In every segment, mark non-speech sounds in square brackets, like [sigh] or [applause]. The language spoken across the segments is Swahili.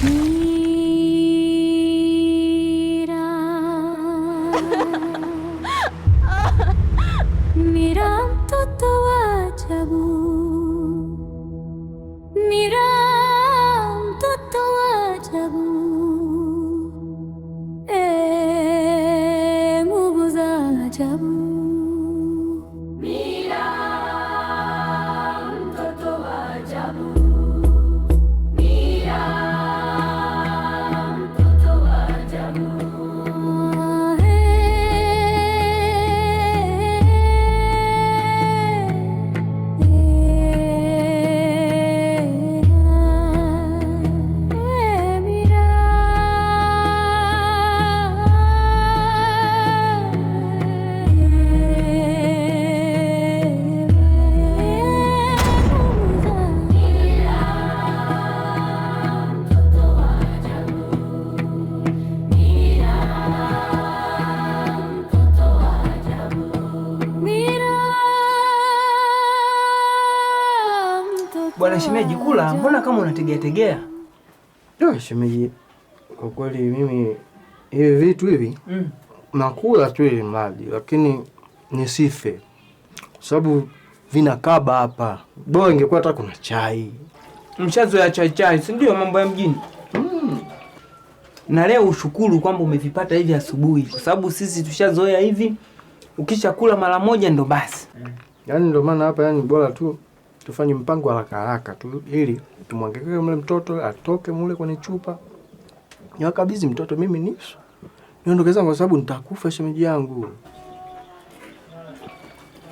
Mm. shemeji, kula, ah, mbona kama unategea tegea? Shemeji, kwa kweli mimi hivi vitu hivi mm. nakula tu ile maji lakini nisife kwa sababu vinakaba hapa. Bora ingekuwa hata kuna chai, mshazo ya chai chai, si ndio mambo ya mjini mm. na leo ushukuru kwamba umevipata hivi asubuhi, kwa sababu sisi tushazoea hivi, ukisha kula mara moja ndo basi mm. yaani ndo maana hapa, yani bora tu tufanye mpango haraka haraka tu ili tumwangekee mle mtoto atoke mule kwenye chupa, niwakabidhi mtoto mimi nisu niondoke zangu, kwa sababu nitakufa shemeji yangu.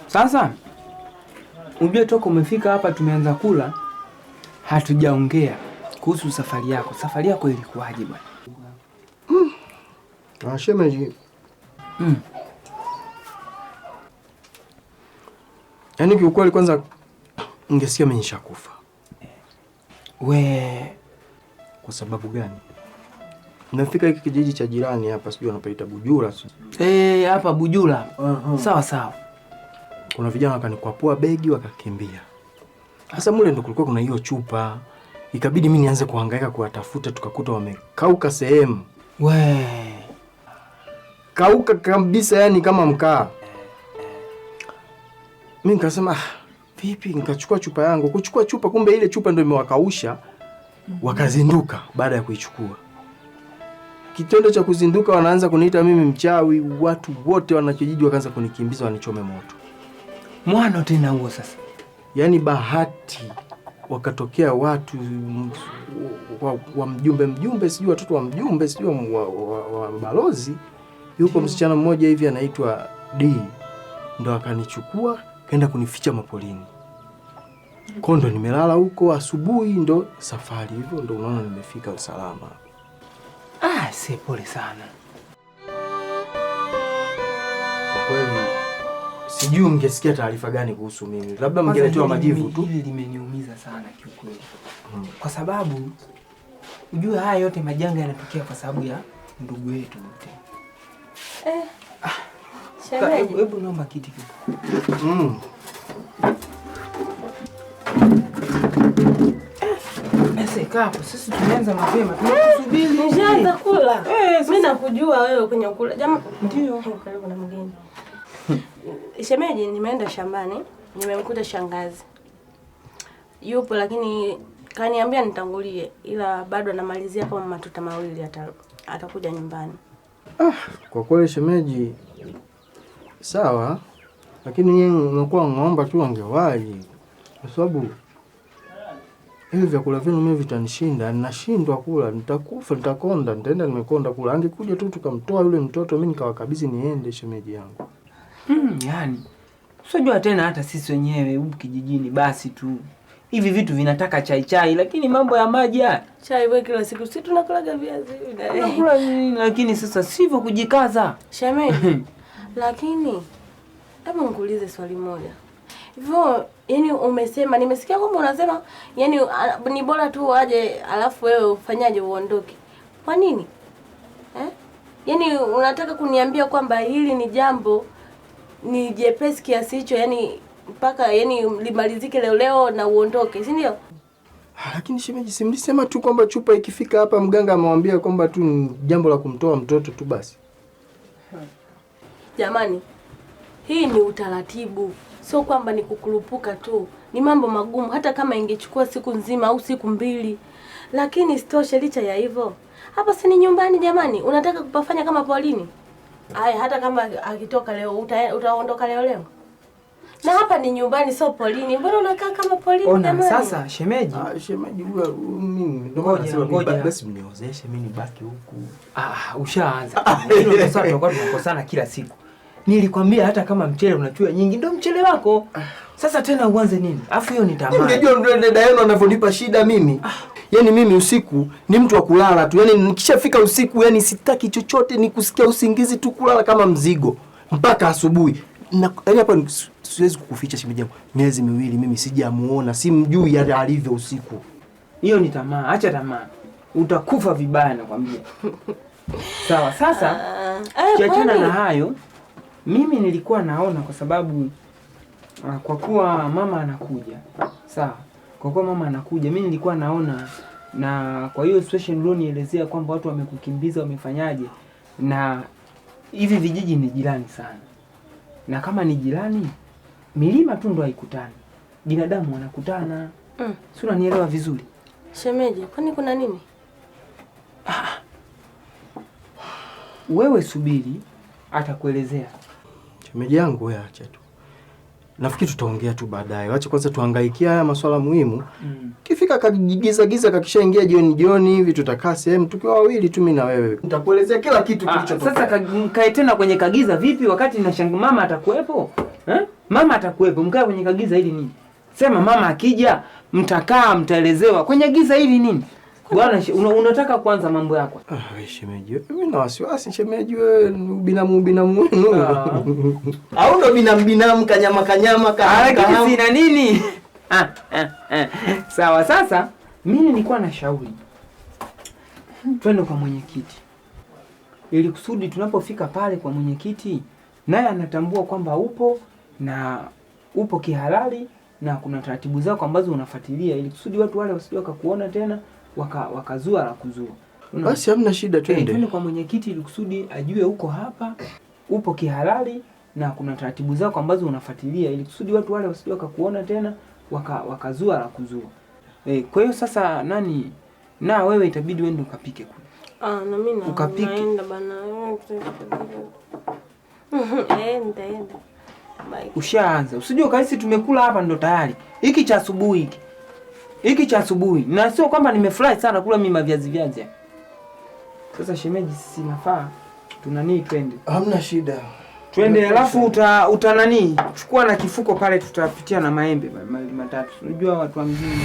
Sasa ujue toka umefika hapa, tumeanza kula, hatujaongea kuhusu safari yako. Safari yako ilikuwaje bwana? Mm. Na ah, shemeji mm. Yaani kiukweli kwanza Ungesikia mimi nishakufa. We, kwa sababu gani? Nafika hiki kijiji cha jirani hapa, sijui wanapaita Bujura eh, hapa. Hey, Bujura. uh -huh. Sawa sawa. Kuna vijana wakanikwapua begi wakakimbia. Sasa mule ndo kulikuwa kuna hiyo chupa, ikabidi mimi nianze kuhangaika kuwatafuta, tukakuta wamekauka sehemu. We, kauka kabisa, yani kama mkaa. Eh, eh. Mimi nikasema ah, vipi, nikachukua chupa yangu. Kuchukua chupa, kumbe ile chupa ndio imewakausha wakazinduka. Baada ya kuichukua, kitendo cha kuzinduka, wanaanza kuniita mimi mchawi, watu wote wanakijiji wakaanza kunikimbiza, wanichome moto. Mwano tena huo sasa. Yaani bahati wakatokea watu wa, wa mjumbe mjumbe, sijui watoto wa mjumbe, sijui wa, wa, wa balozi yuko msichana mmoja hivi anaitwa D, ndo akanichukua kaenda kunificha mapolini Kwa ndo nimelala huko, asubuhi ndo safari hivyo, ndo unaona nimefika usalama. Ah, si pole sana kweli. Sijui mngesikia taarifa gani kuhusu mimi, labda mngeletoa majivu tu. Hili limeniumiza sana kiukweli, hmm. kwa sababu ujue haya yote majanga yanatokea kwa sababu ya ndugu yetu wote eh. Hebu naomba kiti mm. eh, sisi tumeanza mapema, tunasubiri. Ushaanza kula? Eh, Mimi nakujua wewe kwenye kula. Jamaa ndio karibu na mgeni. Shemeji, nimeenda shambani, nimemkuta shangazi yupo, lakini kaniambia nitangulie, ila bado anamalizia kama matuta mawili, atakuja nyumbani. Ah, kwa kweli shemeji sawa, lakini yeye unakuwa ng'omba tu angewahi, kwa sababu hivi vyakula vyenu mimi vitanishinda, ninashindwa kula, nitakufa, nitakonda, nitaenda nimekonda kula. Angekuja tu tukamtoa yule mtoto, mimi nikawakabidhi niende, shemeji yangu. Mm, yani usijua tena hata sisi wenyewe huku kijijini basi tu hivi vitu vinataka chai chai, lakini mambo ya maji haya chai wewe kila siku, si tunakulaga viazi, lakini sasa sivyo kujikaza shemeji [laughs] Lakini hebu nikuulize swali moja hivyo, yani umesema, nimesikia kwamba unasema yani ni bora tu aje, alafu wewe ufanyaje uondoke. Kwa nini eh? Yani unataka kuniambia kwamba hili ni jambo ni jepesi kiasi hicho, yani mpaka yani limalizike leo leo na uondoke, si ndio? Ah, lakini shemeji, si mlisema tu kwamba chupa ikifika hapa mganga amewambia kwamba tu ni jambo la kumtoa mtoto tu basi hmm. Jamani, hii ni utaratibu, sio kwamba ni kukurupuka tu. Ni mambo magumu, hata kama ingechukua siku nzima au siku mbili, lakini sitoshe. licha ya hivyo, hapa si ni nyumbani jamani? Unataka kupafanya kama polini? Aya, hata kama akitoka leo uta, utaondoka leo leo na hapa ni nyumbani, sio polini. Mbona unakaa kama polini ona, jamani? Sasa shemeji, ah, shemeji mimi ndio maana nasema ngoja basi mniozeshe mimi nibaki huku. Ah, ushaanza. Sasa [laughs] tunakuwa tunakosana kila siku. Nilikwambia hata kama mchele unachua nyingi ndio mchele wako. Sasa tena uanze nini? Afu hiyo ni tamaa. Yaani unajua ndio dada yenu anavyonipa shida mimi. Yaani mimi usiku ni mtu wa kulala tu. Yaani nikishafika usiku yaani sitaki chochote ni kusikia usingizi tu kulala kama mzigo mpaka asubuhi. Na Yaani hapa siwezi kukuficha shimeji yangu. Miezi miwili mimi sijamuona, simjui yale alivyo usiku. Hiyo ni tamaa, acha tamaa. Utakufa vibaya nakwambia. [laughs] Sawa, sasa ah, eh, kiachana na hayo. Mimi nilikuwa naona kwa sababu ah, kwa kuwa mama anakuja sawa, kwa kuwa mama anakuja, mimi nilikuwa naona, na kwa hiyo situation ulionielezea kwamba watu wamekukimbiza wamefanyaje, na hivi vijiji ni jirani sana, na kama ni jirani, milima tu ndo haikutani, binadamu wanakutana mm. si unanielewa vizuri shemeji? Kwani kuna nini? Ah, ah. wewe subiri, atakuelezea Shemeji yangu wewe acha tu. Nafikiri tutaongea tu baadaye. Wacha kwanza tuhangaikia haya masuala muhimu. Mm. Kifika kagigiza giza kakishaingia jioni jioni hivi tutakaa sehemu tukiwa wawili tu mimi na wewe. Nitakuelezea kila kitu kilichotokea. Ah, sasa kae tena kwenye kagiza vipi wakati na shangu mama atakuwepo? Eh? Mama atakuwepo. Mkae kwenye kagiza ili nini? Sema mama akija mtakaa mtaelezewa. Kwenye giza hili nini? Bwana, unataka kwanza mambo yako. Ah, shemeji. Mimi na wasiwasi shemeji, wewe binamu binamu ah. [laughs] Au ndo binamu binamu kanyama kanyama kama. Ah, lakini sina nini? Ah, ah, ah. Sawa, sasa mimi nilikuwa na shauri. Twende kwa mwenyekiti. Ili kusudi tunapofika pale kwa mwenyekiti, naye anatambua kwamba upo na upo kihalali na kuna taratibu zako ambazo unafuatilia ili kusudi watu wale wasije wakakuona tena waka, wakazua la kuzua. Basi hamna shida, twende hey, kwa mwenyekiti ili kusudi ajue uko hapa upo kihalali na kuna taratibu zako ambazo unafuatilia ili kusudi watu wale wasije wakakuona tena wakazua la kuzua. Hey, eh, kwa hiyo sasa nani na wewe itabidi wende ukapike kule. Ah, na mimi na ukapike. Naenda bana. [laughs] Ushaanza. Usijue kaisi tumekula hapa ndo tayari. Hiki cha asubuhi hiki hiki cha asubuhi, na sio kwamba nimefurahi sana kula mimi maviazi viazi. Sasa shemeji, sisi nafaa tunani twende? Hamna shida, twende. Alafu uta, uta nani, chukua na kifuko pale, tutapitia na maembe matatu. Unajua watu wa mjini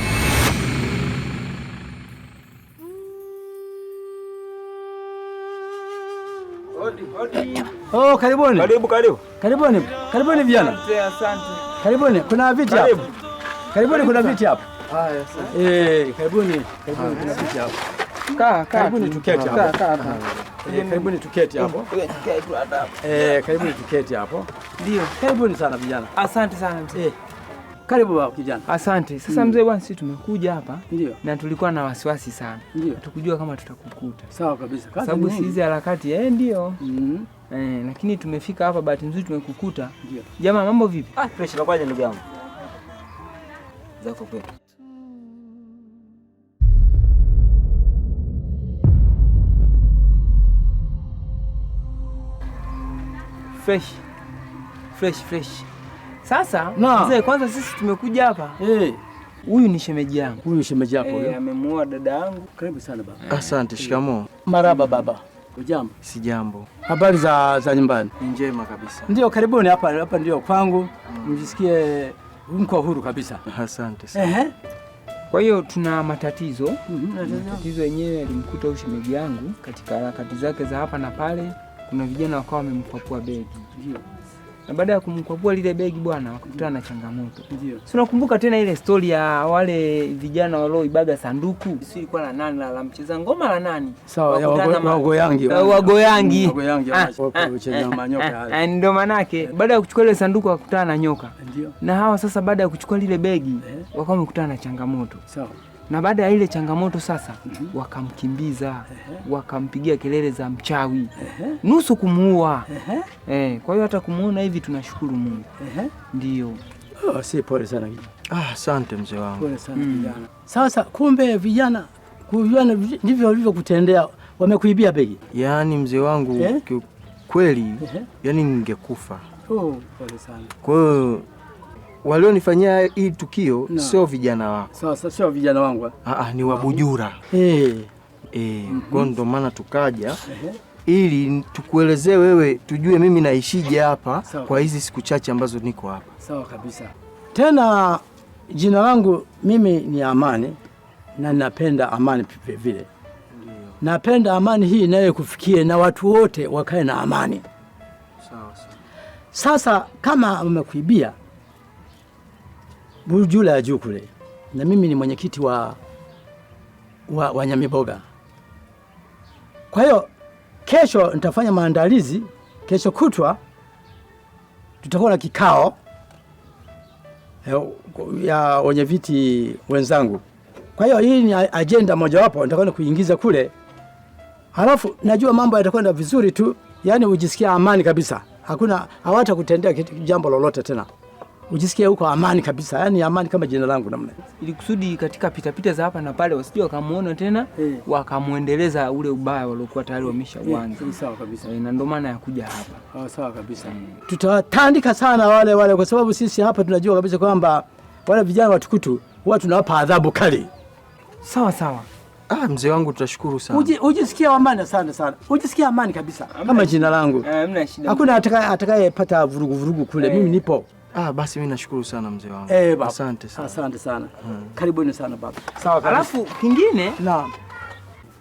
Oh, karibuni. Karibu, karibu. Karibuni. Karibuni vijana. Asante, asante. Karibuni. Kuna viti hapa. Karibuni kuna viti hapa sasa. Eh, karibuni, karibuni kuna viti hapo. Kaa, kaa. Karibuni tuketi hapo. Kaa, kaa. Eh, karibuni tuketi hapo. Eh, karibuni tuketi hapo. Ndio. Karibuni sana vijana. Asante sana mzee. Eh. Karibu baba kijana. Asante. Sasa mm. mzee bwana, sisi tumekuja hapa na tulikuwa na wasiwasi sana. Ndio. Tukujua kama tutakukuta. Sawa kabisa. Sababu hizi harakati eh, ndio. Mm. Eh, lakini tumefika hapa bahati nzuri tumekukuta. Ndio. Jamaa mambo vipi? Ah, fresh. ndugu yangu? Zako fresh fresh fresh. Sasa mzee, kwanza sisi tumekuja hapa hey. Eh. Huyu ni shemeji yangu. Huyu shemeji yako huyo. Eh, eh? Amemuoa dada yangu. Karibu sana baba. Asante. Shikamoo. Maraba baba. Ujambo? Si jambo. Habari za za nyumbani? Njema kabisa. Ndio, karibuni hapa hapa ndio kwangu. Mjisikie mko huru kabisa. Asante sana. Ehe. Kwa hiyo tuna matatizo. Mhm, matatizo yenyewe alimkuta huyu shemeji yangu katika harakati zake za hapa na pale kuna vijana wakawa wamemkwapua begi ndio. Na baada ya kumkwapua lile begi bwana, wakakutana na changamoto ndio. Si unakumbuka tena ile stori ya wale vijana walioibaga sanduku, si ilikuwa la nani, la mcheza ngoma la nani? Sawa, wagoyangi wagoyangi, ndio maanake. Eh. Baada ya kuchukua ile sanduku wakakutana na nyoka ndio. Na hawa sasa, baada ya kuchukua lile begi, eh. wakawa wamekutana na changamoto sawa na baada ya ile changamoto sasa, wakamkimbiza uh -huh. wakampigia kelele za mchawi uh -huh. nusu kumuua uh -huh. eh, kwa hiyo hata kumuona hivi tunashukuru Mungu uh -huh. ndio. Oh, si pole sana ah, asante mzee wangu. Pole sana mm. vijana Sasa kumbe vijana kujuana ndivyo walivyokutendea, wamekuibia begi. Yaani mzee wangu eh? kweli eh? yaani ningekufa. Oh, pole sana. Kwa hiyo walionifanyia hii tukio no. Sio vijana wako sasa, sio vijana wangu, eh? ah, ah, ni Wabujura ah, hey. Eh. E, eh, mm -hmm. Kwa ndo maana tukaja ili tukuelezee wewe, tujue mimi naishije hapa kwa hizi siku chache ambazo niko hapa. Sawa kabisa. Tena jina langu mimi ni Amani na ninapenda amani vile vile, napenda amani hii naye kufikie na watu wote wakae na amani. Sawa sawa. Sasa kama wamekuibia Bujula ya juu kule, na mimi ni mwenyekiti wa, wa, wa Nyamiboga. Kwa hiyo kesho nitafanya maandalizi, kesho kutwa tutakuwa na kikao eh, ya wenye viti wenzangu. Kwa hiyo hii ni ajenda mojawapo nitakwenda kuingiza kule, halafu najua mambo yatakwenda vizuri tu, yaani ujisikia amani kabisa, hakuna hawatakutendea jambo lolote tena ujisikie huko amani kabisa, yani amani kama jina langu namna. Ili kusudi katika pitapita za hapa na pale wasije wakamuona tena hey, eh. wakamwendeleza ule ubaya waliokuwa tayari wameshaanza. Eh, hey, sawa kabisa hey, eh, na ndio maana ya kuja hapa. Oh, sawa kabisa hmm. sana wale wale, kwa sababu sisi hapa tunajua kabisa kwamba wale vijana watukutu huwa tunawapa adhabu kali. Sawa sawa. Ah, mzee wangu tutashukuru sana. Uji, ujisikia amani sana sana. Ujisikia amani kabisa. Kama jina langu. Hamna Hakuna atakayepata vurugu vurugu kule. Mimi nipo. Ah, basi mimi nashukuru sana mzee wangu. Eh, baba. Asante sana. Asante sana. Hmm. Karibuni sana baba. Sawa kabisa. Alafu kingine? Naam.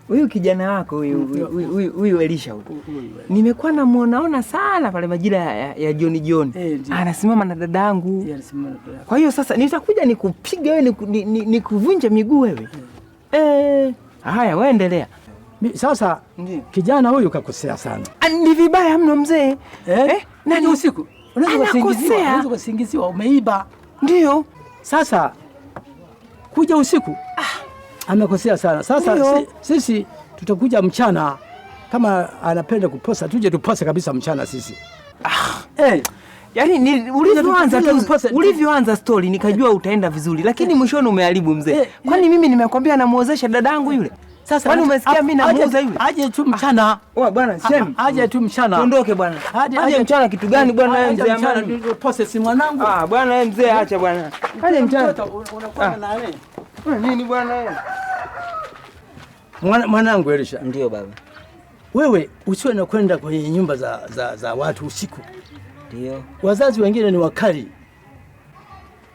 Huyu kijana wako huyu hmm. huyu huyu Elisha huyu. Nimekuwa namuonaona sana pale majira ya, ya jioni jioni. Eh, anasimama na dadangu. Yeye anasimama na dadangu. Kwa hiyo sasa nitakuja nikupiga wewe nikuvunje ni, ni miguu wewe. Eh. Eh. Haya, wewe endelea. Sasa ndiyo. Kijana huyu kakosea sana. Ah, ni vibaya mno mzee. Eh? eh? Nani yaani usiku? Unaweza kusingiziwa umeiba. Ndio. Sasa kuja usiku ah, amekosea sana. Sasa si, sisi tutakuja mchana kama anapenda kuposa tuje tupose kabisa mchana sisi. Ah, eh. Yaani ulivyoanza stori nikajua eh. utaenda vizuri, lakini eh. mwishoni umeharibu mzee. Eh. Kwani mimi nimekwambia namwozesha dadangu yule? Sasa kwani umesikia mimi namuuza yule? Aje tu mchana. Ah, Oa oh, bwana ah, sem. Ah, aje tu mchana. Tuondoke bwana. Aje aje mchana kitu gani bwana wewe mzee amana? Ndio process mwanangu. Ah bwana wewe mzee acha bwana. Aje mchana. Unakuwa na nani? Wewe nini bwana wewe? Mwana mwanangu Elisha. Ndio baba. Wewe usiwe na kwenda kwenye nyumba za, za, za watu usiku. Ndio. Wazazi wengine ni wakali.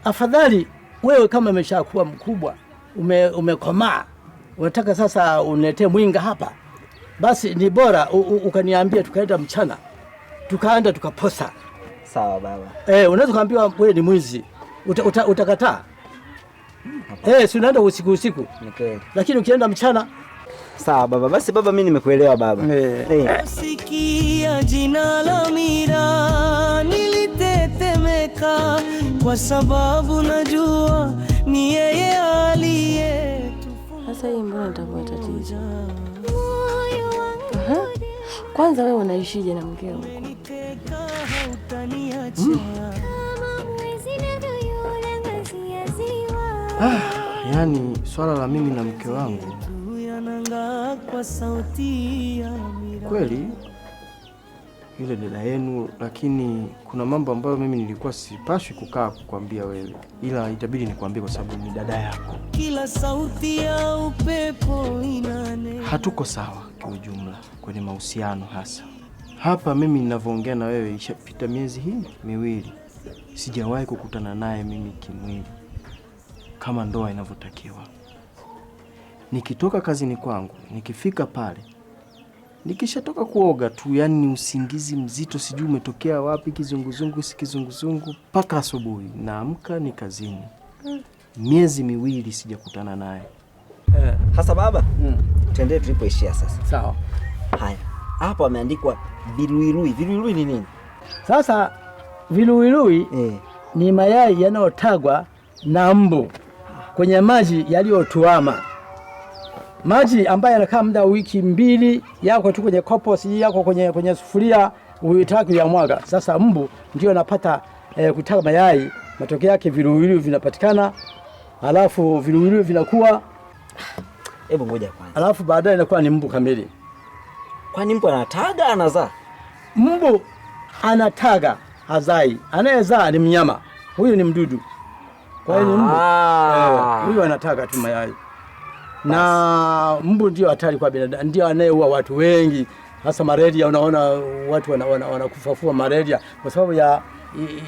Afadhali wewe kama umeshakuwa mkubwa, umekomaa ume unataka sasa unetee mwinga hapa, basi ni bora ukaniambia, tukaenda mchana, tukaenda tukaposa. Sawa baba. Eh, unaweza kuambiwa wewe ni mwizi, utakataa uta, uta eh, si unaenda usiku usiku. Okay. Lakini ukienda mchana Sawa baba, basi baba, mimi nimekuelewa baba. Eh. Eh. Sikia jina la Mira, nilitetemeka kwa sababu najua ni yeye aliye sasa hii mbona nitakuwa tatizo? Kwanza wewe unaishije na mkeo? Hmm. Ah, yaani swala la mimi na mke wangu kweli yule dada yenu, lakini kuna mambo ambayo mimi nilikuwa sipashwi kukaa kukwambia wewe, ila itabidi nikwambie kwa sababu ni dada yako. Kila sauti ya upepo inane. Hatuko sawa kiujumla kwenye mahusiano hasa. Hapa mimi ninavyoongea na wewe, ishapita miezi hii miwili sijawahi kukutana naye mimi kimwili kama ndoa inavyotakiwa. Nikitoka kazini kwangu nikifika pale Nikishatoka kuoga tu, yani usingizi mzito, sijui umetokea wapi, kizunguzungu si kizunguzungu, mpaka asubuhi naamka ni kazini. Miezi miwili sijakutana naye. Eh, hasa baba, mm. Tuendee tulipoishia sasa. Sawa. Haya, hapo ameandikwa viluilui. Viluilui ni nini? Sasa viluilui eh, ni mayai yanayotagwa na mbu kwenye maji yaliyotuama maji ambayo yanakaa muda wa wiki mbili yako tu kwenye kopo, si yako kwenye, kwenye sufuria uitaki ya mwaga. Sasa mbu ndio anapata e, eh, kutaga mayai, matokeo yake viluwiluwi vinapatikana, alafu viluwiluwi vinakuwa hebu ngoja kwanza, alafu baadaye inakuwa ni mbu kamili. Kwani mbu anataga anazaa? Mbu anataga hazai, anayezaa ni mnyama huyu, ni mdudu. Kwa hiyo ni mbu ah. eh, huyu, anataga tu mayai na mbu ndio hatari kwa binadamu, ndio anayeua watu wengi, hasa malaria. Unaona watu wanakufafua malaria kwa sababu ya,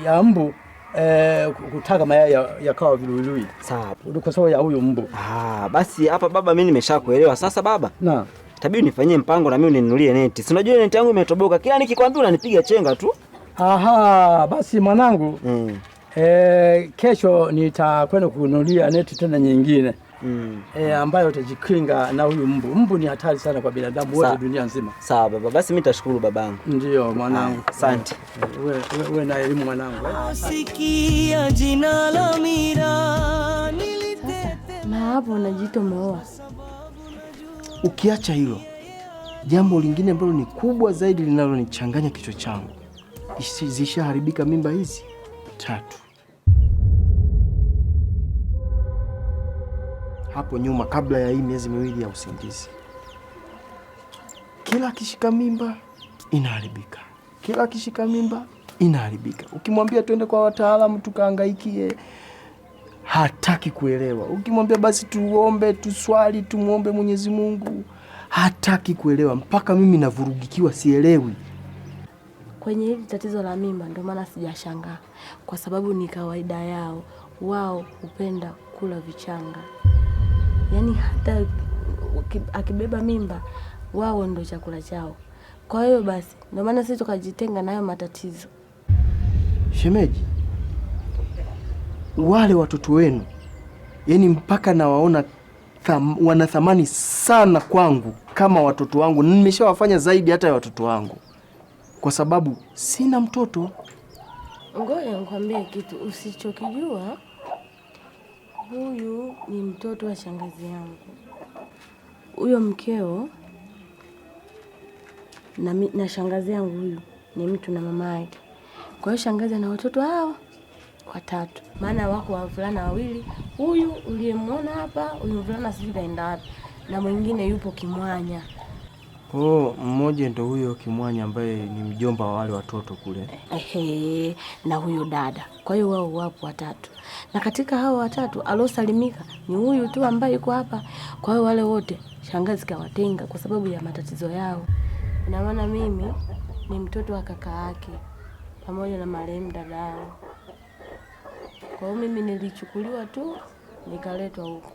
ya mbu eh, kutaga mayai yakawa ya viluwiluwi Sawa, kwa sababu ya huyu mbu. Ah, basi hapa baba, mimi nimeshakuelewa sasa baba. Naam. Tabii nifanyie mpango na mimi uninunulie neti. Si unajua neti yangu imetoboka. Kila nikikwambia unanipiga chenga tu. Aha, basi mwanangu. Mm. Eh, kesho nitakwenda kununulia neti tena nyingine mm. e, ambayo utajikinga na huyu mbu. Mbu ni hatari sana kwa binadamu wote dunia nzima. Sawa baba, basi mimi nitashukuru babangu. Ndio mwanangu, ah, asante. Uwe eh, na elimu mwanangu. Eh. Sikia jina la Mira hapo unajiita umeoa. Ukiacha hilo, jambo lingine ambalo ni kubwa zaidi linalonichanganya kichwa changu, zishaharibika mimba hizi tatu. hapo nyuma, kabla ya hii miezi miwili ya usingizi. Kila akishika mimba inaharibika, kila akishika mimba inaharibika. Ukimwambia twende kwa wataalamu tukahangaikie, hataki kuelewa. Ukimwambia basi tuombe, tuswali, tumwombe Mwenyezi Mungu, hataki kuelewa, mpaka mimi navurugikiwa, sielewi kwenye hili tatizo la mimba. Ndio maana sijashangaa, kwa sababu ni kawaida yao, wao hupenda kula vichanga yani hata akibeba mimba wao ndo chakula chao. Kwa hiyo basi ndio maana sisi tukajitenga nayo matatizo. Shemeji, wale watoto wenu yani mpaka nawaona tham, wana thamani sana kwangu kama watoto wangu. Nimeshawafanya zaidi hata ya watoto wangu kwa sababu sina mtoto. Ngoja nikwambie kitu usichokijua huyu ni mtoto wa shangazi yangu. Huyo mkeo na, na shangazi yangu huyu ni mtu na mama yake. Kwa hiyo shangazi ana watoto hao watatu, maana wako wavulana wawili, huyu uliyemwona hapa, huyu mvulana sijui kaenda wapi, na mwingine yupo Kimwanya hiyo mmoja ndo huyo Kimwanya ambaye ni mjomba wa wale watoto kule. Ehe, na huyo dada. Kwa hiyo wao wapo watatu, na katika hao watatu aliosalimika ni huyu tu ambaye yuko hapa. Kwa hiyo wale wote shangazi kawatenga kwa sababu ya matatizo yao. Ina maana mimi ni mtoto wa kaka yake pamoja na marehemu dada yao. Kwa hiyo mimi nilichukuliwa tu nikaletwa huku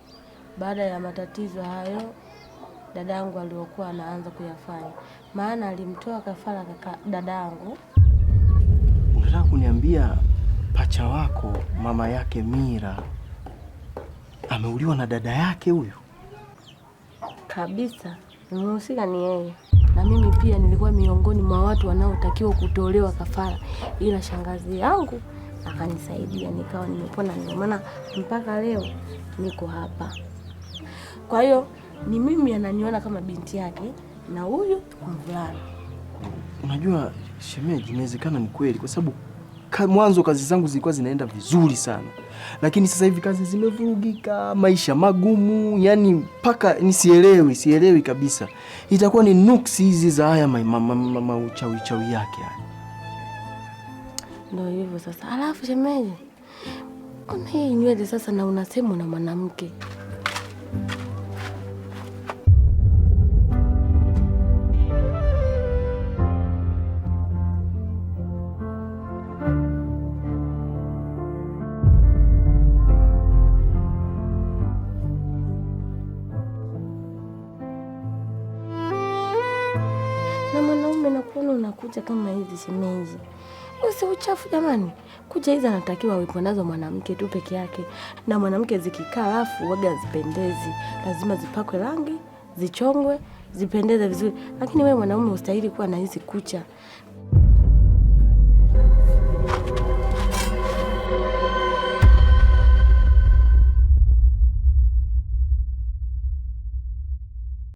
baada ya matatizo hayo dadangu aliokuwa anaanza kuyafanya, maana alimtoa kafara kaka dadangu. Unataka kuniambia pacha wako mama yake Mira ameuliwa na dada yake huyu? Kabisa, mhusika ni yeye, na mimi pia nilikuwa miongoni mwa watu wanaotakiwa kutolewa kafara, ila shangazi yangu akanisaidia nikawa nimepona, ndio maana mpaka leo niko hapa. Kwa hiyo ni mimi ananiona kama binti yake na huyu mvulana. Unajua shemeji, inawezekana ni kweli, kwa sababu mwanzo kazi zangu zilikuwa zinaenda vizuri sana, lakini sasa hivi kazi zimevurugika, maisha magumu, yani mpaka nisielewi, sielewi kabisa. Itakuwa ni nuksi hizi za haya mauchawichawi yake. ndo hivyo sasa. Alafu shemeji, una hii nywele sasa, na unasema na mwanamke kucha kama hizi shemeji? Usi uchafu jamani. Kucha hizi anatakiwa awepo nazo mwanamke tu peke yake, na mwanamke zikikaa alafu waga zipendezi lazima zipakwe rangi, zichongwe, zipendeze vizuri. Lakini wewe mwanaume ustahili kuwa na hizi kucha.